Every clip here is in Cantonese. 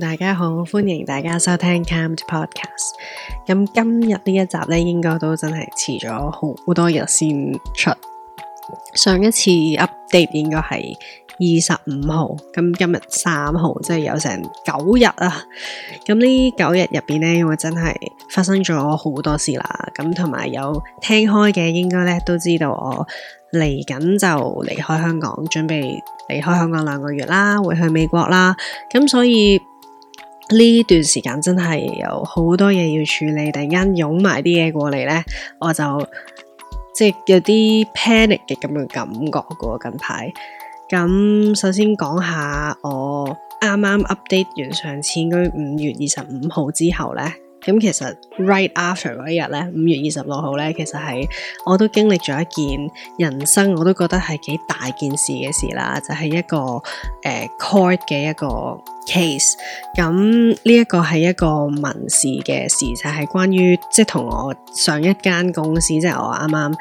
大家好，歡迎大家收聽 Calmed Podcast。咁今日呢一集呢，應該都真係遲咗好多日先出。上一次 update 應該係二十五號，咁今日三號，即係有成九日啊。咁呢九日入邊呢，我真係發生咗好多事啦。咁同埋有聽開嘅，應該咧都知道我嚟緊就離開香港，準備離開香港兩個月啦，會去美國啦。咁所以。呢段時間真係有好多嘢要處理，突然間湧埋啲嘢過嚟咧，我就即有啲 panic 嘅咁樣感覺嘅喎。近排咁，首先講下我啱啱 update 完上次嗰五月二十五號之後呢。咁其實 right after 嗰一日咧，五月二十六號咧，其實係我都經歷咗一件人生我都覺得係幾大件事嘅事啦，就係、是、一個誒、呃、court 嘅一個 case。咁呢一個係一個民事嘅事，就係、是、關於即係同我上一間公司，即、就、係、是、我啱啱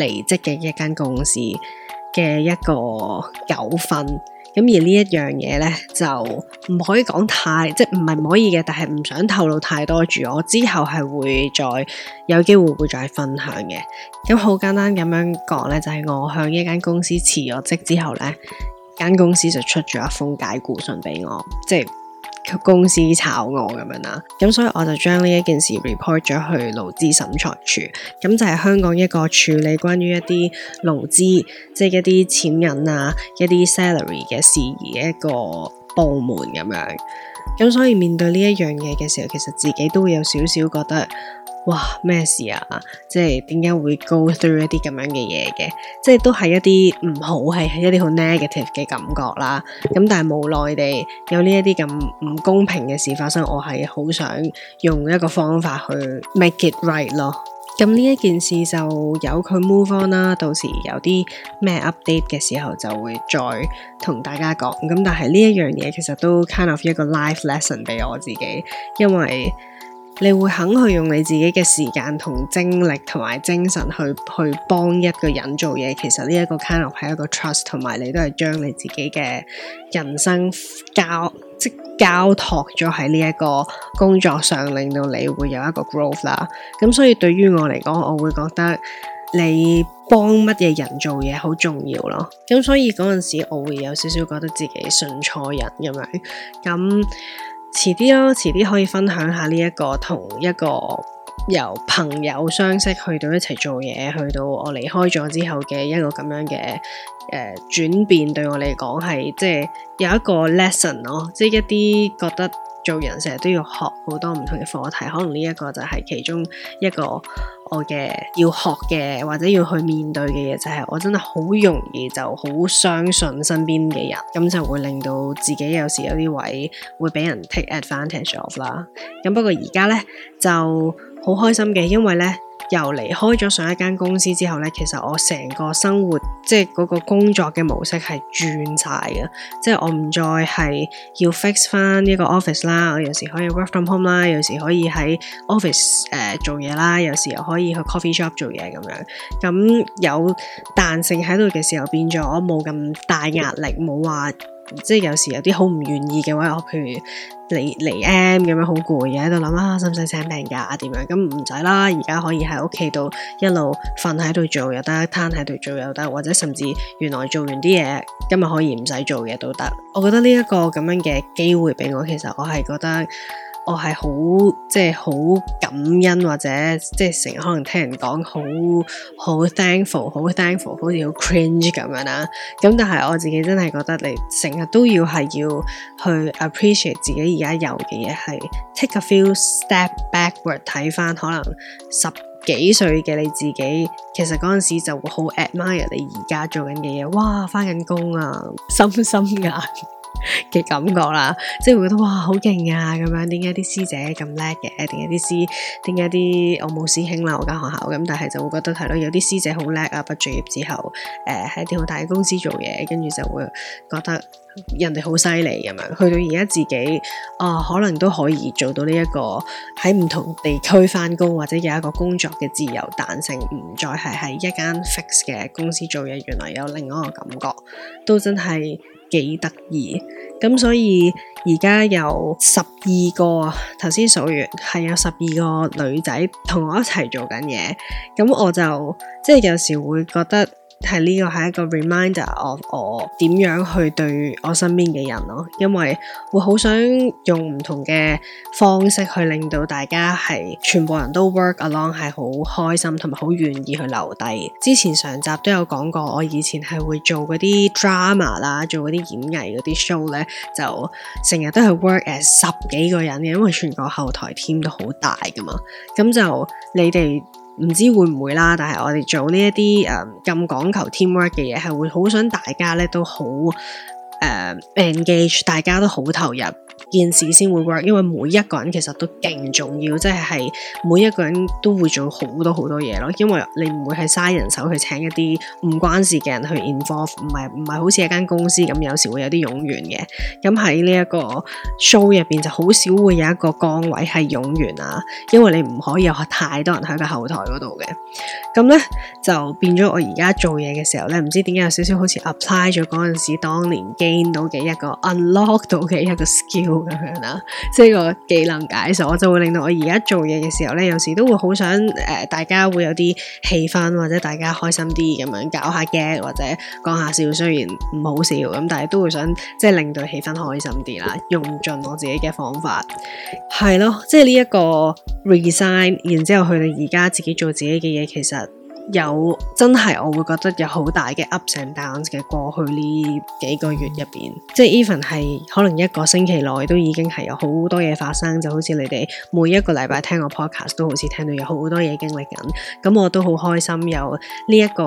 離職嘅一間公司嘅一個糾紛。咁而呢一樣嘢呢，就唔可以講太，即係唔係唔可以嘅，但係唔想透露太多住。我之後係會再，有機會會再分享嘅。咁好簡單咁樣講呢，就係我向一間公司辭咗職之後呢，間公司就出咗一封解僱信俾我，即係。公司炒我咁樣啦，咁所以我就將呢一件事 report 咗去勞資審裁處，咁就係香港一個處理關於一啲勞資，即係一啲錢銀啊，一啲 salary 嘅事宜嘅一個部門咁樣，咁所以面對呢一樣嘢嘅時候，其實自己都會有少少覺得。哇，咩事啊？即係點解會 go through 一啲咁樣嘅嘢嘅？即係都係一啲唔好，係一啲好 negative 嘅感覺啦。咁、嗯、但係無奈地有呢一啲咁唔公平嘅事發生，我係好想用一個方法去 make it right 咯。咁、嗯、呢一件事就由佢 move on 啦。到時有啲咩 update 嘅時候，就會再同大家講。咁、嗯、但係呢一樣嘢，其實都 kind of 一個 life lesson 俾我自己，因為。你會肯去用你自己嘅時間同精力同埋精神，去去幫一個人做嘢，其實呢一個 kind of 係一個 trust，同埋你都係將你自己嘅人生交即交託咗喺呢一個工作上，令到你會有一個 growth 啦。咁所以對於我嚟講，我會覺得你幫乜嘢人做嘢好重要咯。咁所以嗰陣時，我會有少少覺得自己信錯人咁樣咁。遲啲咯，遲啲可以分享下呢、這、一個同一個由朋友相識去到一齊做嘢，去到我離開咗之後嘅一個咁樣嘅誒、呃、轉變，對我嚟講係即係有一個 lesson 咯，即係一啲覺得做人成日都要學好多唔同嘅課題，可能呢一個就係其中一個。我嘅要學嘅或者要去面對嘅嘢，就係、是、我真係好容易就好相信身邊嘅人，咁就會令到自己有時有啲位會俾人 take advantage of 啦。咁不過而家咧就好開心嘅，因為咧又離開咗上一間公司之後咧，其實我成個生活即係個工作嘅模式係轉晒嘅，即係我唔再係要 fix 翻呢個 office 啦，我有時可以 work from home 啦，有時可以喺 office 誒、uh, 做嘢啦，有時又可以。可以去 coffee shop 做嘢咁樣，咁有彈性喺度嘅時候，變咗冇咁大壓力，冇話即係有時有啲好唔願意嘅話，我譬如嚟嚟 M 咁樣好攰嘅，喺度諗啊，使唔使請病假？啊？點樣咁唔使啦，而家可以喺屋企度一路瞓喺度做又得，攤喺度做又得，或者甚至原來做完啲嘢，今日可以唔使做嘢都得。我覺得呢一個咁樣嘅機會俾我，其實我係覺得。我係好即係好感恩，或者即係成日可能聽人講好好 thankful 好 thankful，好似好 cringe 咁樣啦、啊。咁但係我自己真係覺得你成日都要係要去 appreciate 自己而家有嘅嘢，係 take a few step backward 睇返可能十幾歲嘅你自己，其實嗰陣時就會好 admire 你而家做緊嘅嘢。哇！返緊工啊，心心眼～嘅感覺啦，即係會覺得哇，好勁啊！咁樣，點解啲師姐咁叻嘅？點解啲師？點解啲我冇師兄啦？我間學校咁，但係就會覺得係咯，有啲師姐好叻啊！畢咗業之後，誒、呃，喺啲好大嘅公司做嘢，跟住就會覺得人哋好犀利咁樣。去到而家自己，啊、呃，可能都可以做到呢、這、一個喺唔同地區翻工，或者有一個工作嘅自由彈性，唔再係喺一間 fix 嘅公司做嘢。原來有另外一個感覺，都真係。幾得意，咁所以而家有十二個啊，頭先數完係有十二個女仔同我一齊做緊嘢，咁我就即係有時會覺得。係呢個係一個 reminder of 我點樣去對我身邊嘅人咯，因為會好想用唔同嘅方式去令到大家係全部人都 work along 係好開心，同埋好願意去留低。之前上集都有講過，我以前係會做嗰啲 drama 啦，做嗰啲演藝嗰啲 show 咧，就成日都係 work as 十幾個人嘅，因為全個後台 team 都好大㗎嘛。咁就你哋。唔知會唔會啦，但係我哋做呢一啲呃，咁講求 teamwork 嘅嘢，係會好想大家咧都好。誒、uh, engage 大家都好投入件事先會 work，因為每一個人其實都勁重要，即係係每一個人都會做好多好多嘢咯。因為你唔會係嘥人手去請一啲唔關事嘅人去 involve，唔係唔係好似一間公司咁有時會有啲冗員嘅。咁喺呢一個 show 入邊就好少會有一個崗位係冗員啊，因為你唔可以有太多人喺個後台度嘅。咁咧就變咗我而家做嘢嘅時候咧，唔知點解有少少好似 apply 咗陣時當年嘅。到嘅一個 unlock 到嘅一個 skill 咁樣啦，即係個技能，技能解鎖，就會令到我而家做嘢嘅時候咧，有時都會好想誒、呃，大家會有啲氣氛或者大家開心啲咁樣搞下 gag 或者講下笑，雖然唔好笑咁，但係都會想即係令到氣氛開心啲啦。用盡我自己嘅方法，係咯，即係呢一個 resign，然之後去到而家自己做自己嘅嘢，其實。有真係，我會覺得有好大嘅 ups and downs 嘅過去呢幾個月入邊，即係 even 係可能一個星期內都已經係有好多嘢發生，就好似你哋每一個禮拜聽我 podcast 都好似聽到有好多嘢經歷緊。咁、嗯、我都好開心有呢一個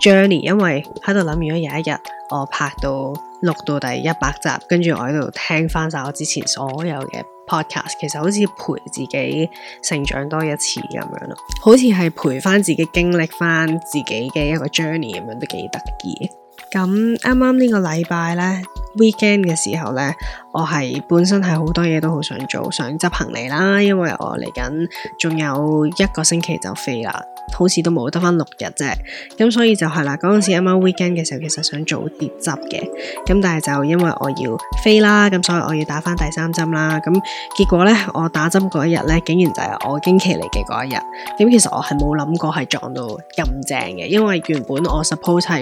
journey，因為喺度諗如果有一日我拍到錄到第一百集，跟住我喺度聽翻晒我之前所有嘅。podcast 其實好似陪自己成長多一次咁樣咯，好似係陪翻自己經歷翻自己嘅一個 journey 咁樣，都幾得意。咁啱啱呢個禮拜呢，weekend 嘅時候呢。我係本身係好多嘢都好想做，想執行李啦，因為我嚟緊，仲有一個星期就飛啦，好似都冇得翻六日啫，咁所以就係啦，嗰陣時啱啱 weekend 嘅時候，其實想做疊執嘅，咁但係就因為我要飛啦，咁所以我要打翻第三針啦，咁結果呢，我打針嗰一日呢，竟然就係我經期嚟嘅嗰一日，咁其實我係冇諗過係撞到咁正嘅，因為原本我 suppose 係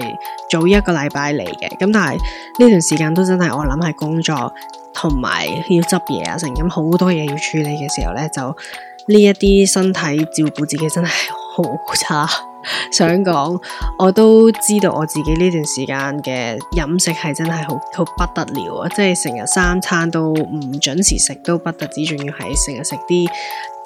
早一個禮拜嚟嘅，咁但係呢段時間都真係我諗係工作。同埋要執嘢啊，成咁好多嘢要處理嘅時候呢，就呢一啲身體照顧自己真係好差。 想講，我都知道我自己呢段時間嘅飲食係真係好好不得了啊！即係成日三餐都唔準時食，都不單止，仲要係成日食啲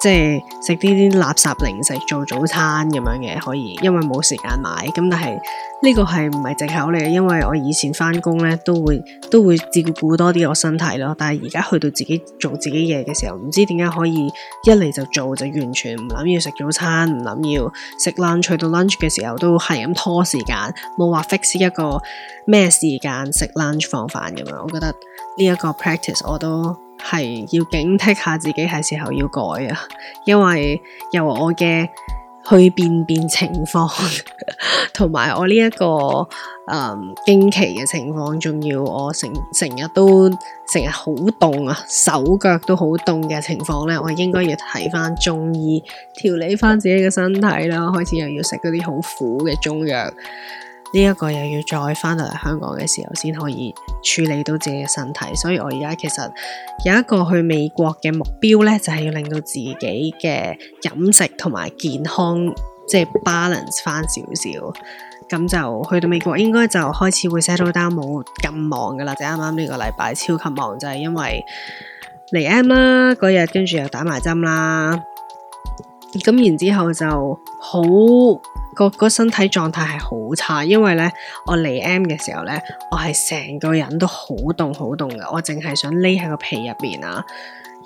即係食啲啲垃圾零食做早餐咁樣嘅，可以因為冇時間買，咁但係。呢個係唔係借口咧？因為我以前返工呢都會，都會照顧多啲我身體咯，但係而家去到自己做自己嘢嘅時候，唔知點解可以一嚟就做，就完全唔諗要食早餐，唔諗要食 lunch，去到 lunch 嘅時候都係咁拖時間，冇話 fix 一個咩時間食 lunch 放飯咁樣。我覺得呢一個 practice 我都係要警惕下自己係時候要改啊，因為由我嘅。去便便情況、 這個，同埋我呢一個誒經期嘅情況，仲要我成成日都成日好凍啊，手腳都好凍嘅情況咧，我應該要睇翻中醫調理翻自己嘅身體啦，開始又要食嗰啲好苦嘅中藥。呢一個又要再翻到嚟香港嘅時候先可以處理到自己嘅身體，所以我而家其實有一個去美國嘅目標呢就係要令到自己嘅飲食同埋健康即係 balance 翻少少。咁就去到美國應該就開始會 settle down 冇咁忙噶啦，即係啱啱呢個禮拜超級忙，就係因為嚟 M 啦，嗰日跟住又打埋針啦，咁然之後就好。個，個身體狀態係好差，因為咧，我嚟 M 嘅時候咧，我係成個人都好凍，好凍噶，我淨係想匿喺個被入面啊！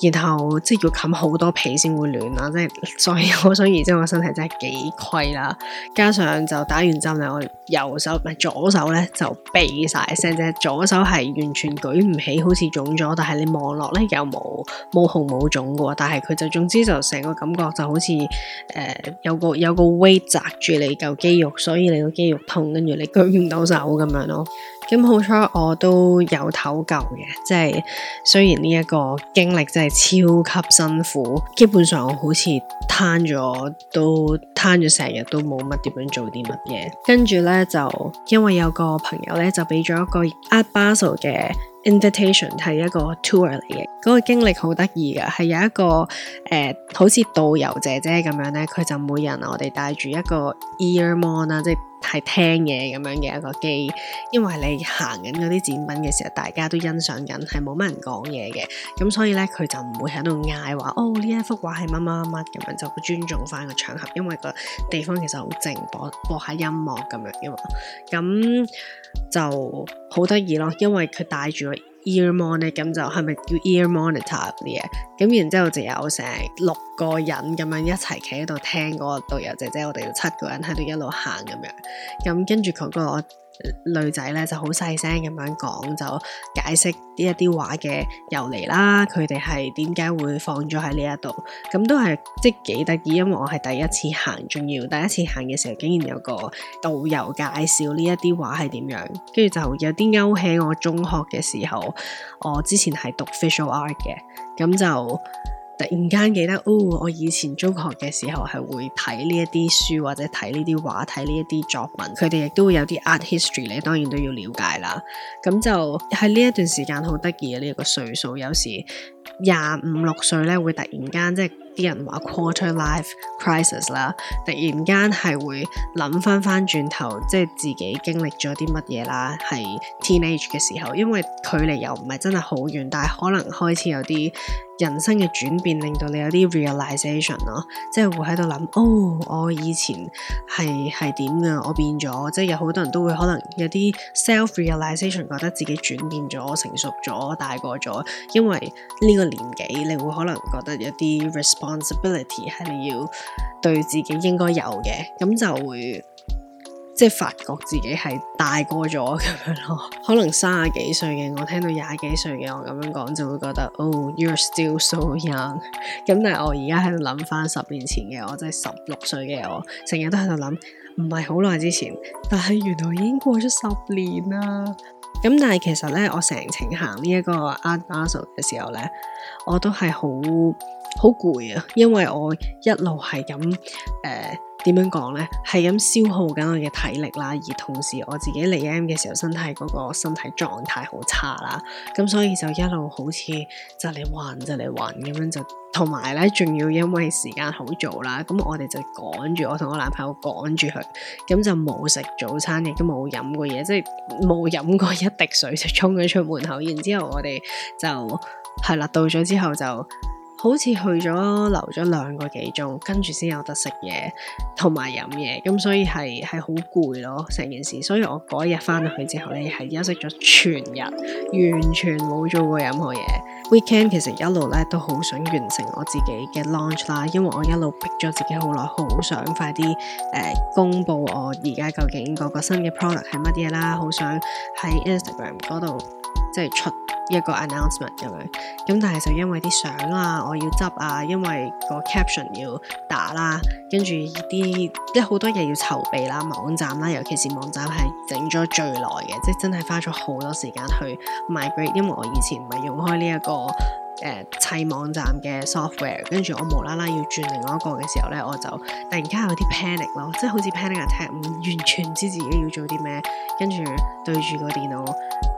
然後即係要冚好多皮先會暖啦，即係所以我所以即係我身體真係幾虧啦。加上就打完針咧，我右手唔係左手咧就痹晒，成隻左手係完全舉唔起，好似腫咗。但係你望落咧又冇冇紅冇腫嘅，但係佢就總之就成個感覺就好似誒、呃、有個有個 weight 紮住你嚿肌肉，所以你個肌肉痛，跟住你舉唔到手咁樣咯。咁好彩我都有唞夠嘅，即係雖然呢一個經歷真係超級辛苦，基本上我好似攤咗都攤咗成日都冇乜點樣做啲乜嘢。跟住呢，就因為有個朋友呢，就俾咗一個 Art Basel 嘅 invitation 係一個 tour 嚟嘅，嗰、那個經歷好得意噶，係有一個誒、呃、好似導遊姐姐咁樣呢，佢就每人我哋戴住一個 earphone 即係。係聽嘢咁樣嘅一個機，因為你行緊嗰啲展品嘅時候，大家都欣賞緊，係冇乜人講嘢嘅，咁所以咧佢就唔會喺度嗌話，哦呢一幅畫係乜乜乜咁樣，就尊重翻個場合，因為個地方其實好靜，播播下音樂咁樣嘅嘛，咁就好得意咯，因為佢帶住。Ear monitor 咁就係咪叫 Ear monitor 嗰啲嘢？咁然之後就有成六個人咁樣一齊企喺度聽嗰個導遊姐姐，我哋要七個人喺度一路行咁樣，咁跟住佢個女仔咧，就好細聲咁樣講，就解釋呢一啲畫嘅由嚟啦。佢哋係點解會放咗喺呢一度？咁都係即係幾得意，因為我係第一次行，仲要第一次行嘅時候，竟然有個導遊介紹呢一啲畫係點樣，跟住就有啲勾起我中學嘅時候，我之前係讀 visual art 嘅，咁就。突然間記得，哦！我以前中學嘅時候係會睇呢一啲書，或者睇呢啲畫，睇呢一啲作文。佢哋亦都會有啲 art history，你當然都要了解啦。咁就喺呢一段時間好得意嘅呢一個歲數，有時，廿五六歲咧，會突然間即係啲人話 quarter life crisis 啦，突然間係會諗翻翻轉頭，即係自己經歷咗啲乜嘢啦，係 teenage 嘅時候，因為距離又唔係真係好遠，但係可能開始有啲人生嘅轉變，令到你有啲 realization 咯，即係會喺度諗，哦，我以前係係點㗎，我變咗，即係有好多人都會可能有啲 self-realization，覺得自己轉變咗，成熟咗，大個咗，因為呢。呢個年紀，你會可能覺得有啲 responsibility 係要對自己應該有嘅，咁就會即係發覺自己係大個咗咁樣咯。可能三十幾歲嘅我聽到廿幾歲嘅我咁樣講，就會覺得哦、oh，you're still so young。咁但係我而家喺度諗返十年前嘅我，即係十六歲嘅我，成日都喺度諗，唔係好耐之前，但係原來已經過咗十年啦。咁、嗯、但係其實咧，我成程行呢一個 Art Basel 嘅時候咧，我都係好好攰啊！因為我一路係咁誒，點樣講呢？係咁消耗緊我嘅體力啦，而同時我自己嚟 M 嘅時候，身體嗰個身體狀態好差啦。咁所以就一路好似就嚟暈就嚟暈咁樣就，同埋呢，仲要因為時間好早啦，咁我哋就趕住，我同我男朋友趕住去，咁就冇食早餐，亦都冇飲過嘢，即係冇飲過一滴水就衝咗出門口。然之後我哋就係啦，到咗之後就。好似去咗留咗兩個幾鐘，跟住先有得食嘢同埋飲嘢，咁所以係係好攰咯，成件事。所以我嗰日返到去之後呢，係休息咗全日，完全冇做過任何嘢。Weekend 其實一路呢都好想完成我自己嘅 launch 啦，因為我一路逼咗自己好耐，好想快啲誒、呃、公佈我而家究竟嗰個新嘅 product 係乜嘢啦，好想喺 Instagram 嗰度。即係出一個 announcement 咁樣，咁但係就因為啲相啊，我要執啊，因為個 caption 要打啦、啊，跟住啲即係好多嘢要籌備啦、啊，網站啦、啊，尤其是網站係整咗最耐嘅，即係真係花咗好多時間去 migrate，因為我以前唔係用開呢、這、一個。誒砌、呃、網站嘅 software，跟住我無啦啦要轉另外一個嘅時候呢，我就突然間有啲 panic 咯，即係好似 panic attack，唔完全唔知自己要做啲咩，跟住對住個電腦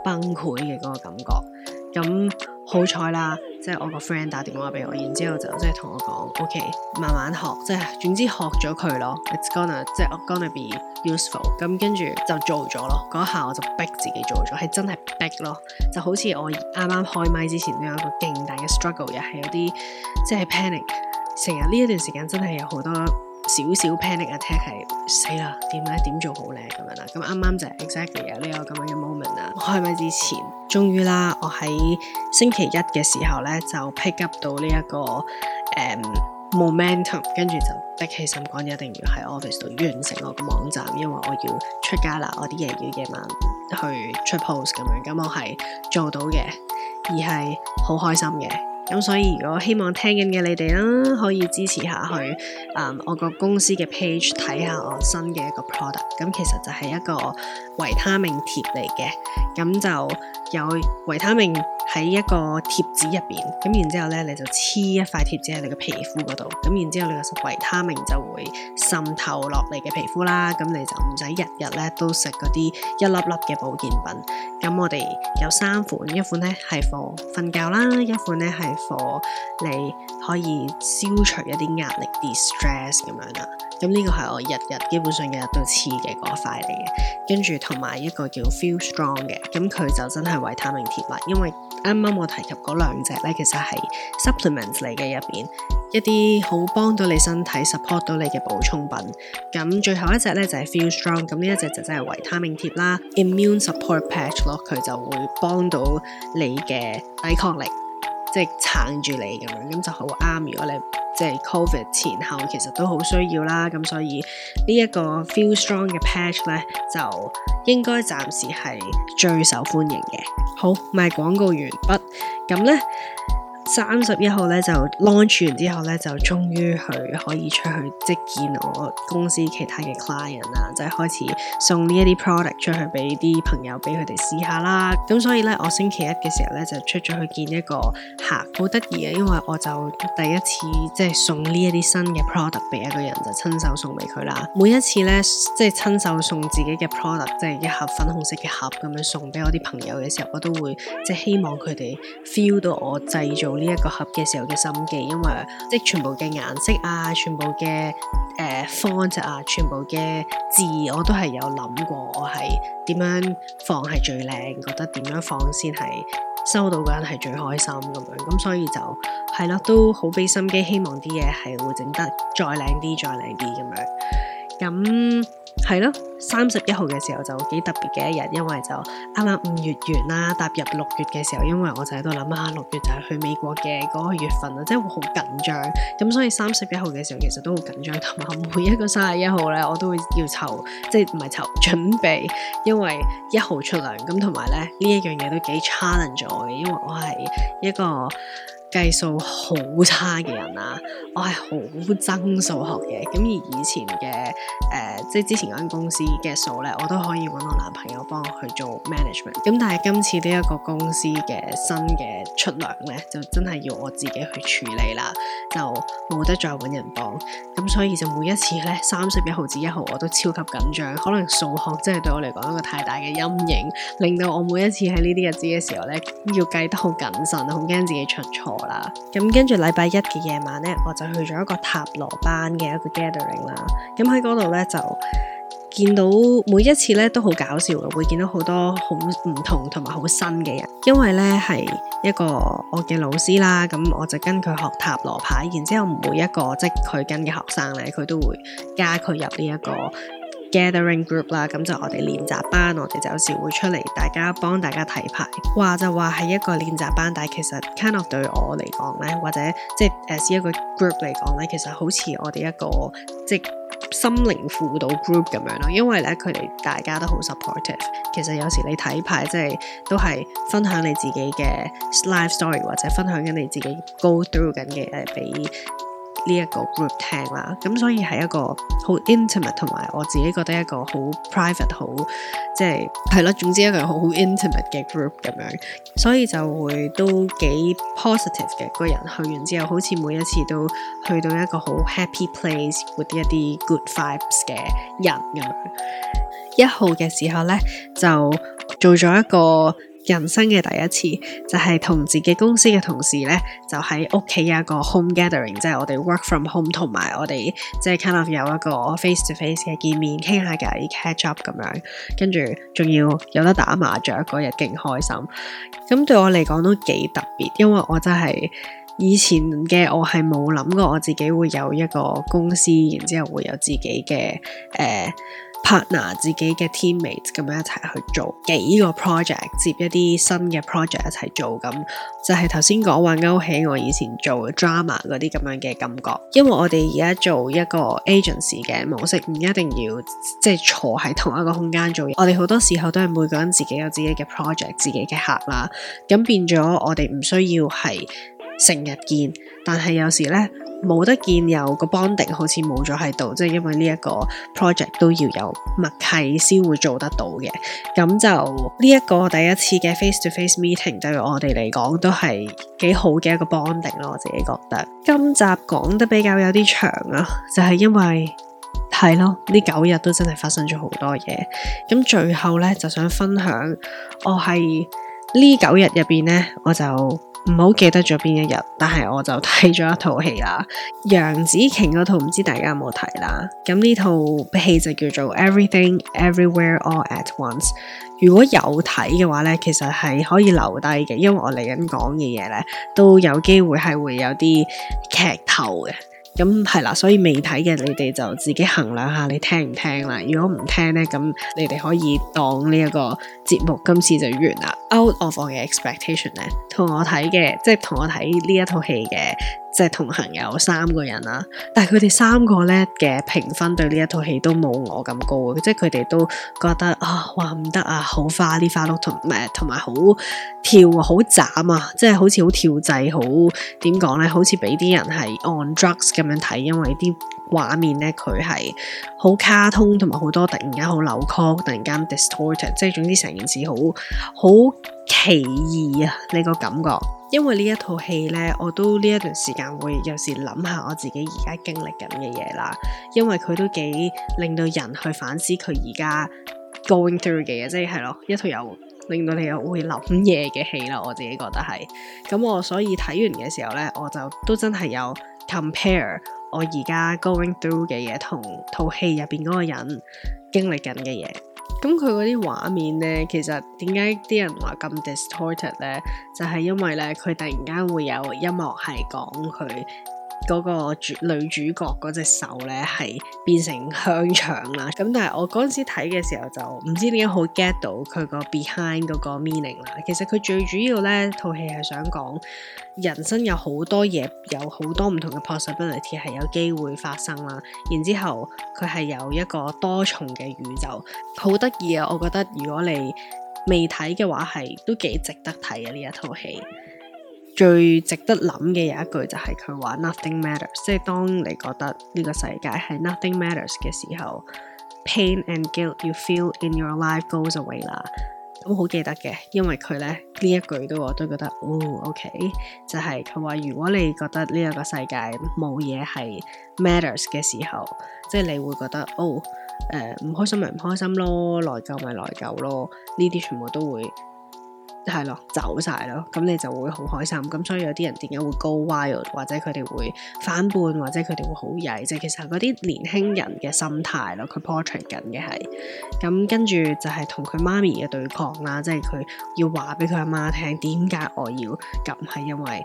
崩潰嘅嗰個感覺。咁好彩啦，即係、就是、我個 friend 打電話俾我，然之後就即係同我講，OK，慢慢學，即、就、係、是、總之學咗佢咯。It's gonna 即係 I'm gonna be useful。咁跟住就做咗咯。嗰下我就逼自己做咗，係真係逼咯。就好似我啱啱開咪之前都有一個勁大嘅 struggle，又係有啲即係 panic。成日呢一段時間真係有好多。少少 panic attack 係死啦，點咧點做好咧咁樣啦，咁啱啱就 exactly 有呢個咁樣嘅 moment 啦。開咪之前，終於啦，我喺星期一嘅時候咧就 pick up 到呢、這、一個誒、嗯、momentum，跟住就的起心肝一定要喺 office 度完成我個網站，因為我要出街啦，我啲嘢要夜晚去出 post 咁樣，咁我係做到嘅，而係好開心嘅。咁所以如果希望聽緊嘅你哋啦，可以支持下去啊、嗯、我個公司嘅 page 睇下我新嘅一個 product。咁其實就係一個維他命貼嚟嘅，咁就。有維他命喺一個貼紙入邊，咁然之後呢，你就黐一塊貼紙喺你個皮膚嗰度，咁然之後你個維他命就會滲透落你嘅皮膚啦，咁你就唔使日日呢都食嗰啲一粒粒嘅保健品。咁我哋有三款，一款呢係 for 瞓覺啦，一款呢係 for 你。可以消除一啲壓力，distress 咁樣啦。咁、嗯、呢、這個係我日日基本上日日都黐嘅嗰塊嚟嘅。跟住同埋一個叫 Feel Strong 嘅，咁、嗯、佢就真係維他命貼啦。因為啱啱我提及嗰兩隻咧，其實係 supplements 嚟嘅入邊一啲好幫到你身體 support 到你嘅補充品。咁、嗯、最後一隻咧就係、是、Feel Strong，咁、嗯、呢一隻就真係維他命貼啦。Immune Support Patch 咯，佢就會幫到你嘅抵抗力。即係撐住你咁樣，咁就好啱。如果你即係 COVID 前後，其實都好需要啦。咁所以呢一個 Feel Strong 嘅 patch 呢，就應該暫時係最受歡迎嘅。好，賣廣告完畢。咁呢。三十一號咧就 launch 完之後咧，就終於去可以出去即係見我公司其他嘅 client 啦，就係開始送呢一啲 product 出去俾啲朋友俾佢哋試下啦。咁所以咧，我星期一嘅時候咧就出咗去見一個客。好得意呀，因為我就第一次即係送呢一啲新嘅 product 俾一個人就親手送俾佢啦。每一次咧即係親手送自己嘅 product，即係一盒粉紅色嘅盒咁樣送俾我啲朋友嘅時候，我都會即係希望佢哋 feel 到我製造呢一個盒嘅時候嘅心機，因為即係全部嘅顏色啊，全部嘅誒 font 啊，全部嘅字，我都係有諗過，我係點樣放係最靚，覺得點樣放先係收到嗰陣係最開心咁樣，咁所以就係咯，都好俾心機，希望啲嘢係會整得再靚啲，再靚啲咁樣，咁。係咯，三十一號嘅時候就幾特別嘅一日，因為就啱啱五月完啦，踏入六月嘅時候，因為我就喺度諗下六月就係去美國嘅嗰個月份啦，即係會好緊張，咁所以三十一號嘅時候其實都好緊張，同埋每一個三十一號呢，我都會要籌，即係唔係籌準備，因為一號出糧，咁同埋咧呢一樣嘢都幾 challenge 我嘅，因為我係一個計數好差嘅人啦，我係好憎數學嘅，咁而以前嘅，誒、呃，即係之前嗰間公司嘅數咧，我都可以揾我男朋友幫我去做 management，咁但係今次呢一個公司嘅新嘅出糧咧，就真係要我自己去處理啦，就冇得再揾人幫，咁所以就每一次咧，三十一號至一號，我都超級緊張，可能數學真係對我嚟講一個太大嘅陰影，令到我每一次喺呢啲日子嘅時候咧，要計得好謹慎，好驚自己出錯，啦，咁跟住禮拜一嘅夜晚呢，我就去咗一個塔羅班嘅一個 gathering 啦。咁喺嗰度呢，就見到每一次呢都好搞笑嘅，會見到好多好唔同同埋好新嘅人。因為呢係一個我嘅老師啦，咁我就跟佢學塔羅牌。然之後每一個即係佢跟嘅學生呢，佢都會加佢入呢一個 Gathering group 啦，咁就我哋練習班，我哋就有時會出嚟，大家幫大家睇牌。話就話係一個練習班，但係其實 kind of 對我嚟講咧，或者即係誒，一個 group 嚟講咧，其實好似我哋一個即係心靈輔導 group 咁樣咯。因為咧，佢哋大家都好 supportive。其實有時你睇牌，即係都係分享你自己嘅 life story，或者分享緊你自己 go through 緊嘅誒俾，呢一個 group 聽啦，咁所以係一個好 intimate 同埋我自己覺得一個好 private，好即係係啦，總之一個好 intimate 嘅 group 咁樣，所以就會都幾 positive 嘅個人去完之後，好似每一次都去到一個好 happy place，with 一啲 good vibes 嘅人咁樣。一號嘅時候呢，就做咗一個。人生嘅第一次就係同自己公司嘅同事咧，就喺屋企有一個 home gathering，即係我哋 work from home，同埋我哋即係 kind of 有一個 face to face 嘅見面，傾下偈，catch up 咁樣，跟住仲要有得打麻雀，嗰日勁開心。咁對我嚟講都幾特別，因為我真係以前嘅我係冇諗過我自己會有一個公司，然之後會有自己嘅誒。呃 partner 自己嘅 teammate 咁樣一齊去做幾個 project，接一啲新嘅 project 一齊做，咁就係頭先講話勾起我以前做 drama 嗰啲咁樣嘅感覺。因為我哋而家做一個 agency 嘅模式，唔一定要即係坐喺同一個空間做嘢。我哋好多時候都係每個人自己有自己嘅 project，自己嘅客啦，咁變咗我哋唔需要係。成日見，但係有時呢，冇得見，有個 bonding 好似冇咗喺度，即係因為呢一個 project 都要有默契先會做得到嘅。咁就呢一個第一次嘅 face to face meeting，對我哋嚟講都係幾好嘅一個 bonding 咯。我自己覺得，今集講得比較有啲長啊，就係因為係咯，呢九日都真係發生咗好多嘢。咁最後呢，就想分享我係。呢九日入邊呢，我就唔好記得咗邊一日，但係我就睇咗一套戲啦。楊紫瓊嗰套唔知大家有冇睇啦？咁呢套戲就叫做《Everything Everywhere All at Once》。如果有睇嘅話呢，其實係可以留低嘅，因為我嚟緊講嘅嘢呢，都有機會係會有啲劇透嘅。嗯，咁係啦，所以未睇嘅你哋就自己衡量下，你聽唔聽啦。如果唔聽咧，咁你哋可以當呢一個節目今次就完啦。 Out of my expectation 咧，同我睇嘅，即係同我睇呢一套戲嘅。即係同行有三個人啊，但係佢哋三個咧嘅評分對呢一套戲都冇我咁高，即係佢哋都覺得啊話唔得啊，好花哩花碌同誒同埋好跳啊，好斬啊，即係好似好跳掣，好點講呢？好似俾啲人係 on drugs 咁樣睇，因為啲。畫面咧，佢係好卡通，同埋好多突然間好扭曲，突然間 distorted，即係總之成件事好好奇異啊！呢個感覺，因為呢一套戲咧，我都呢一段時間會有時諗下我自己而家經歷緊嘅嘢啦，因為佢都幾令到人去反思佢而家 going through 嘅嘢，即係係咯一套有令到你又會諗嘢嘅戲啦。我自己覺得係，咁我所以睇完嘅時候咧，我就都真係有 compare。我而家 going through 嘅嘢，同套戲入邊嗰個人經歷緊嘅嘢，咁佢嗰啲畫面咧，其實點解啲人話咁 distorted 咧？就係、是、因為咧，佢突然間會有音樂，係講佢。嗰個主女主角嗰隻手咧，係變成香腸啦。咁但係我嗰陣時睇嘅時候，就唔知點解好 get 到佢個 behind 嗰個 meaning 啦。其實佢最主要咧，套戲係想講人生有好多嘢，有好多唔同嘅 possibility 係有機會發生啦。然之後佢係有一個多重嘅宇宙，好得意啊！我覺得如果你未睇嘅話，係都幾值得睇嘅呢一套戲。最值得諗嘅有一句就係佢話 nothing matters，即係當你覺得呢個世界係 nothing matters 嘅時候，pain and guilt you feel in your life goes away 啦。我好記得嘅，因為佢咧呢一句都我都覺得，哦，OK，就係佢話如果你覺得呢一個世界冇嘢係 matters 嘅時候，即係你會覺得，哦，誒唔開心咪唔開心咯，內疚咪內疚咯，呢啲全部都會。係咯，走晒咯，咁你就會好開心。咁所以有啲人點解會 go wild，或者佢哋會反叛，或者佢哋會好曳，即係其實嗰啲年輕人嘅心態咯。佢 portray 緊嘅係咁，跟住就係同佢媽咪嘅對抗啦。即係佢要話俾佢阿媽聽，點解我要咁，係因為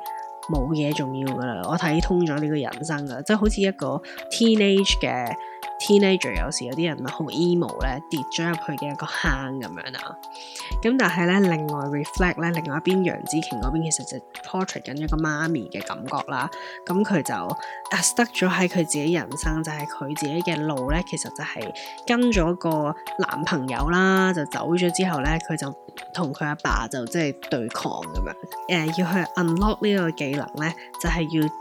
冇嘢重要噶啦，我睇通咗呢個人生噶，即係好似一個 teenage 嘅。Teenager 有時有啲人咪好 emo 咧，跌咗入去嘅一個坑咁樣啦。咁但係咧，另外 reflect 咧，另外一邊楊紫瓊嗰邊其實就 portrait 緊一個媽咪嘅感覺啦。咁、嗯、佢就 stuck 得咗喺佢自己人生，就係、是、佢自己嘅路咧。其實就係跟咗個男朋友啦，就走咗之後咧，佢就同佢阿爸就即係、就是、對抗咁樣。誒、呃，要去 unlock 呢個技能咧，就係、是、要。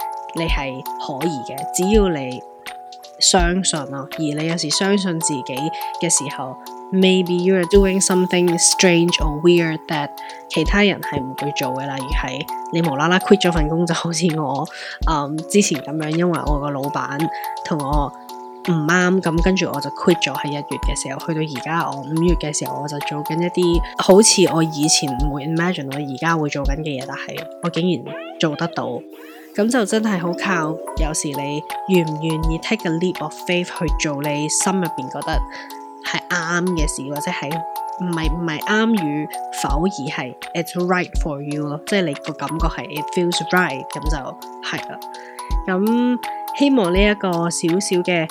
你係可以嘅，只要你相信咯。而你有時相信自己嘅時候，maybe you are doing something strange or weird that 其他人係唔會做嘅啦。例如係你無啦啦 quit 咗份工，就好似我嗯之前咁樣，因為我個老闆同我唔啱，咁跟住我就 quit 咗。喺一月嘅時候，去到而家我五月嘅時候，我就做緊一啲好似我以前唔會 imagine 我而家會做緊嘅嘢，但係我竟然做得到。咁就真係好靠，有時你願唔願意 take a leap of faith 去做你心入邊覺得係啱嘅事，或者係唔係唔係啱與否而係 it's right for you 咯，即係你個感覺係 it feels right，咁就係啦。咁希望呢一個小小嘅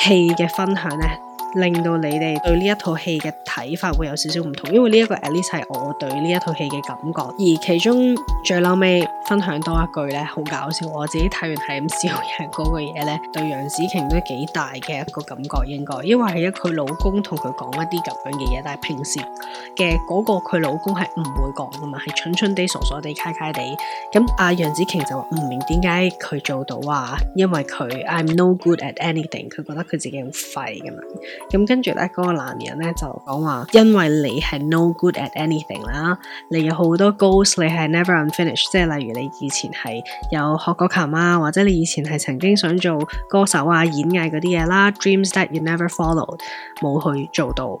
戲嘅分享呢，令到你哋對呢一套戲嘅睇法會有少少唔同，因為呢一個 at least 係我對呢一套戲嘅感覺，而其中最嬲尾。分享多一句咧，好搞笑！我自己睇完係咁笑嘅，嗰個嘢咧，對楊紫瓊都幾大嘅一個感覺應該，因為係一佢老公同佢講一啲咁樣嘅嘢，但係平時嘅嗰個佢老公係唔會講噶嘛，係蠢蠢地、傻傻地、呆呆地。咁阿楊紫瓊就話唔明點解佢做到啊，因為佢 I'm no good at anything，佢覺得佢自己好廢噶嘛。咁跟住咧，嗰、嗰個男人咧就講話，因為你係 no good at anything 啦，你有好多 goals，你係 never unfinished，即係例如。你以前係有學過琴啊，或者你以前係曾經想做歌手啊、演藝嗰啲嘢啦，dreams that you never followed，冇去做到。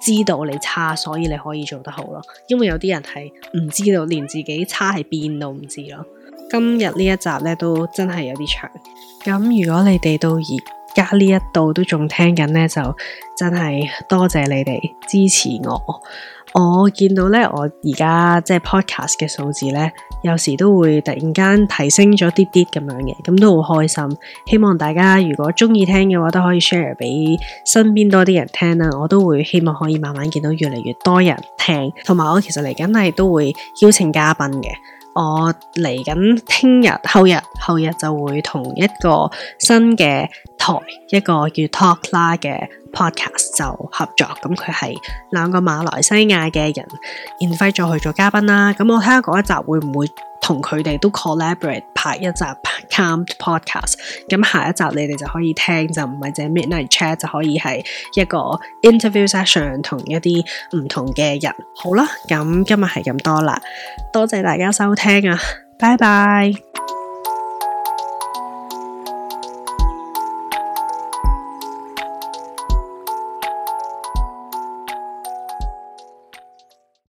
知道你差，所以你可以做得好咯。因為有啲人係唔知道，連自己差喺邊都唔知咯。今日呢一集呢都真係有啲長。咁如果你哋到而家呢一度都仲聽緊呢，就真係多謝你哋支持我。我見到呢，我而家即係 podcast 嘅數字呢，有時都會突然間提升咗啲啲咁樣嘅，咁都好開心。希望大家如果鍾意聽嘅話，都可以 share 俾身邊多啲人聽啦。我都會希望可以慢慢見到越嚟越多人聽，同埋我其實嚟緊係都會邀請嘉賓嘅。我嚟緊聽日、後日、後日就會同一個新嘅台，一個叫 Talk 啦嘅 Podcast 就合作，咁佢係兩個馬來西亞嘅人 invite 咗去做嘉賓啦，咁我睇下嗰一集會唔會？同佢哋都 collaborate 拍一集 Calmed podcast，咁下一集你哋就可以聽，就唔係淨係 midnight chat 就可以係一個 interview session 同一啲唔同嘅人。好啦，咁今日係咁多啦，多謝大家收聽啊，拜拜。